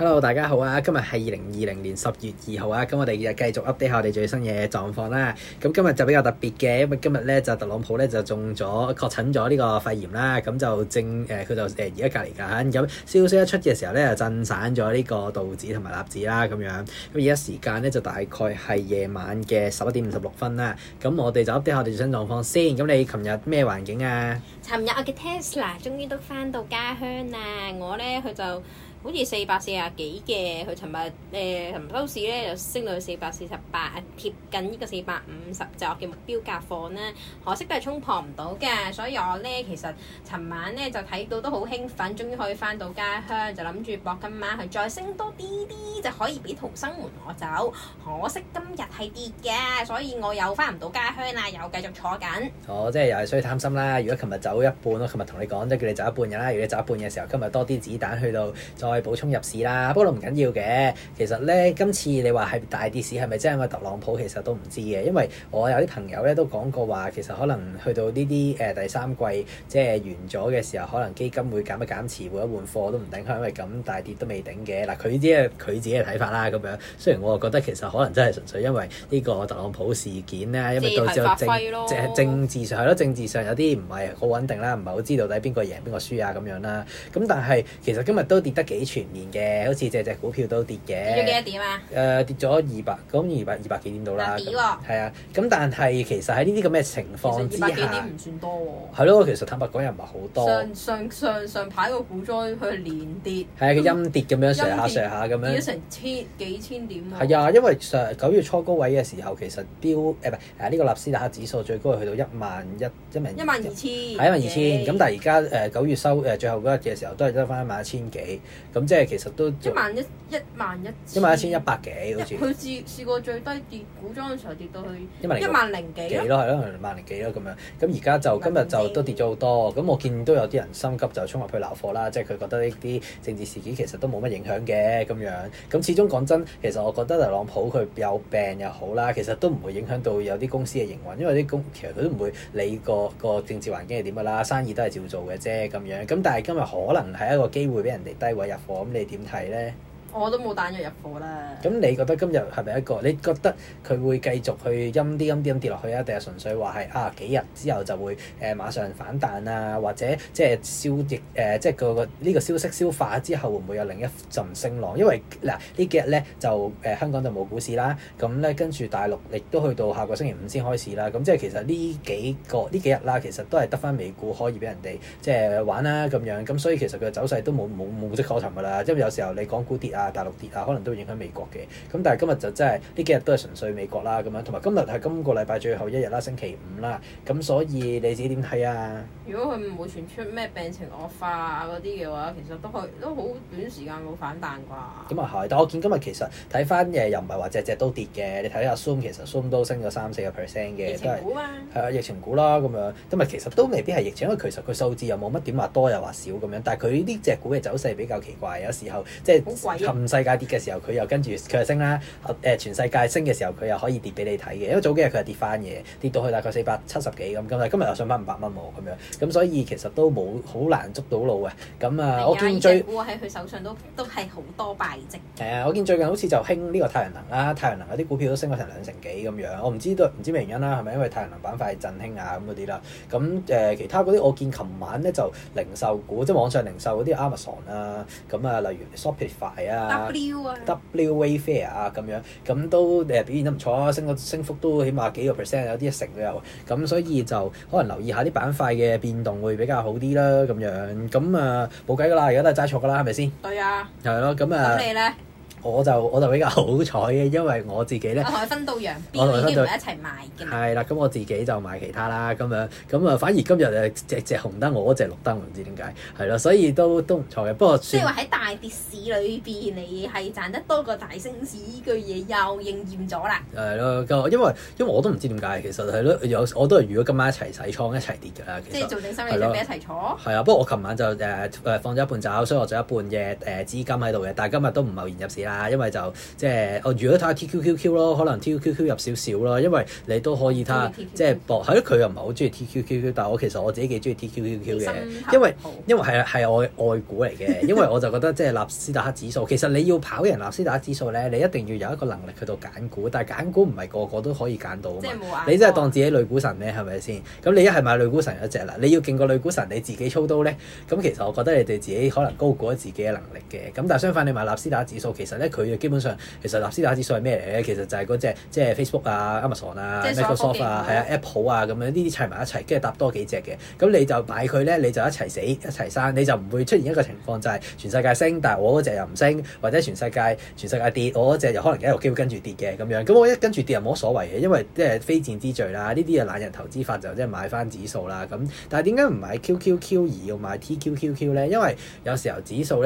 Hello，大家好啊！今日係二零二零年十月二號啊，咁我哋就繼續 update 下我哋最新嘅狀況啦。咁今日就比較特別嘅，因為今日咧就特朗普咧就中咗確診咗呢個肺炎啦。咁就正誒，佢、呃、就誒而家隔離㗎。咁消息一出嘅時候咧，就震散咗呢個道指同埋納指啦。咁樣咁而家時間咧就大概係夜晚嘅十一點五十六分啦。咁我哋就 update 下我哋最新嘅狀況先。咁你琴日咩環境啊？琴日我嘅 Tesla 終於都返到家鄉啦。我咧佢就～好似四百四廿幾四百四十幾嘅，佢尋日誒收市咧就升到去四百四十八，貼近呢個四百五十就我嘅目標價貨呢，可惜都係衝破唔到嘅，所以我呢，其實尋晚呢就睇到都好興奮，終於可以翻到家鄉，就諗住博今晚佢再升多啲啲就可以俾逃生門我走。可惜今日係跌嘅，所以我又翻唔到家鄉啦，又繼續坐緊。哦，即係又係需要貪心啦。如果尋日走一半，我尋日同你講即係叫你走一半嘅啦。如果你走一半嘅時候，今日多啲子彈去到，再補充入市啦，不過唔緊要嘅。其實呢，今次你話係大跌市係咪真係因為特朗普？其實都唔知嘅，因為我有啲朋友咧都講過話，其實可能去到呢啲誒第三季即係、呃、完咗嘅時候，可能基金會減，減一減持，會換貨都唔頂，因為咁大跌都未頂嘅。嗱，佢啲係佢自己嘅睇法啦。咁樣，雖然我覺得其實可能真係純粹因為呢個特朗普事件啦，因為到時政政治上係咯，政治上有啲唔係好穩定啦，唔係好知到底邊個贏邊個輸啊咁樣啦。咁但係其實今日都跌得幾幾全面嘅，好似隻隻股票都跌嘅。跌咗幾多點啊？誒、呃，跌咗二百，咁二百二百幾點到啦。跌啊，咁那了、啊、但係其實喺呢啲咁嘅情況之下，二百幾點唔算多、哦。係咯，其實坦白講又唔係好多。上上上上，上排個股災去係連跌。係啊，佢陰跌咁樣上下上下咁樣。跌，下下樣跌成千幾千點啊、哦！係啊，因為上九月初高位嘅時候，其實標誒呢、哎啊這個納斯達克指數最高係去到一萬一一萬一萬二千。係一萬二千，咁但係而家誒九月收誒、呃、最後嗰日嘅時候都 11,，都係得翻一萬一千幾。咁即係其實都一萬一，一萬一，一萬一千一百幾好似。佢試試過最低跌古莊嘅時候跌到去一萬零一萬零幾咯，係咯，萬零幾咯咁樣。咁而家就今日就都跌咗好多。咁我見到有啲人心急就衝入去鬧貨啦，即係佢覺得呢啲政治事件其實都冇乜影響嘅咁樣。咁始終講真，其實我覺得特朗普佢有病又好啦，其實都唔會影響到有啲公司嘅營運，因為啲公司其實佢都唔會理個個政治環境係點嘅啦，生意都係照做嘅啫咁樣。咁但係今日可能係一個機會俾人哋低位咁你點睇咧？我都冇彈藥入貨啦。咁你覺得今日係咪一個？你覺得佢會繼續去陰啲陰啲陰跌落去啊？定係純粹話係啊幾日之後就會誒馬上反彈啊？或者即係消跌誒即係個個呢個消息消化之後，會唔會有另一陣升浪？因為嗱呢幾日咧就誒香港就冇股市啦。咁咧跟住大陸亦都去到下個星期五先開始啦。咁即係其實呢幾個呢幾日啦，其實都係得翻美股可以俾人哋即係玩啦、啊、咁樣。咁所以其實佢嘅走勢都冇冇冇跡可尋㗎啦。因為有時候你講股跌啊，大陸跌啊，可能都會影響美國嘅。咁但係今日就真係呢幾日都係純粹美國啦，咁樣。同埋今日係今個禮拜最後一日啦，星期五啦。咁所以你自己點睇啊？如果佢唔會傳出咩病情惡化嗰啲嘅話，其實都係都好短時間冇反彈啩。咁啊係，但我見今日其實睇翻誒，又唔係話隻隻都跌嘅。你睇下 Zoom，其實 Zoom 都升咗三四個 percent 嘅。疫情股啊。係疫情股啦咁樣。今日其實都未必係疫情，因為其實佢數字又冇乜點話多又話少咁樣。但係佢呢隻股嘅走勢比較奇怪，有時候即係。好貴啊！全世界跌嘅時候，佢又跟住佢升啦。誒，全世界升嘅時候，佢又可以跌俾你睇嘅。因為早幾日佢係跌翻嘢，跌到去大概四百七十幾咁。咁但今日又上翻五百蚊喎，咁樣。咁所以其實都冇好難捉到路嘅。咁啊，的我見最股喺佢手上都都係好多敗績。係啊、嗯，我見最近好似就興呢個太陽能啦，太陽能嗰啲股票都升咗成兩成幾咁樣。我唔知都唔知咩原因啦，係咪因為太陽能板塊振興啊咁嗰啲啦？咁誒、呃，其他嗰啲我見琴晚咧就零售股，即係網上零售嗰啲 Amazon 啦。咁啊，例如 Shopify 啊。W 啊，Wayfair 啊咁樣，咁都誒、呃、表現得唔錯啊，升升幅都起碼幾個 percent，有啲一成都有，咁所以就可能留意下啲板塊嘅變動會比較好啲啦，咁樣，咁啊冇計噶啦，而家都係齋錯噶啦，係咪先？對啊。係咯，咁啊。咁你咧？我就我就比較好彩嘅，因為我自己咧，我係分到樣變嘅，唔一齊賣嘅。係啦，咁我自己就買其他啦，咁樣，咁啊，反而今日誒隻隻紅燈，我嗰隻綠燈，唔知點解，係咯，所以都都唔錯嘅，不過。跌市裏邊，你係賺得多過大升市呢句嘢又應驗咗啦。係咯，因為因為我都唔知點解，其實係咯，有我都係如果今晚一齊洗倉一齊跌㗎啦。其實即係做定心理準備，一齊坐。係啊，不過我琴晚就誒誒、呃、放咗一半走，所以我就一半嘅誒、呃、資金喺度嘅。但係今日都唔貿然入市啦，因為就即係我、哦、如果睇下 TQQQ 咯，可能 TQQQ 入少少咯，因為你都可以睇下，即係博係咯。佢又唔係好中意 TQQQ，但係我其實我自己幾中意 TQQQ 嘅，因為因為係啊係我愛股嚟嘅，因為我就覺得。 即係納斯達克指數，其實你要跑贏納斯達克指數咧，你一定要有一個能力去到揀股，但係揀股唔係個個都可以揀到啊嘛！你真係當自己女股神咧，係咪先？咁你一係買女股神一隻啦，你要勁過女股神你自己操刀咧，咁其實我覺得你哋自己可能高估咗自己嘅能力嘅。咁但係相反，你買納斯達克指數，其實咧佢基本上其實納斯達克指數係咩嚟咧？其實就係嗰隻即係 Facebook 啊、Amazon 啊、即是 Microsoft 啊、啊、對對 Apple 啊咁樣呢啲砌埋一齊，跟住搭多幾隻嘅。咁你就買佢咧，你就一齊死一齊生，你就唔會出現一個情況就係、是、全世界但係我隻又唔升，或者全世界全世界跌，我隻又可能喺度 q 跟住跌嘅咁樣，咁我一跟住跌又冇乜所謂嘅，因為即係非戰之罪啦。呢啲嘅懶人投資法就即係買翻指數啦。咁，但係點解唔買 QQQ 而要買 TQQQ 咧？因為有時候指數咧。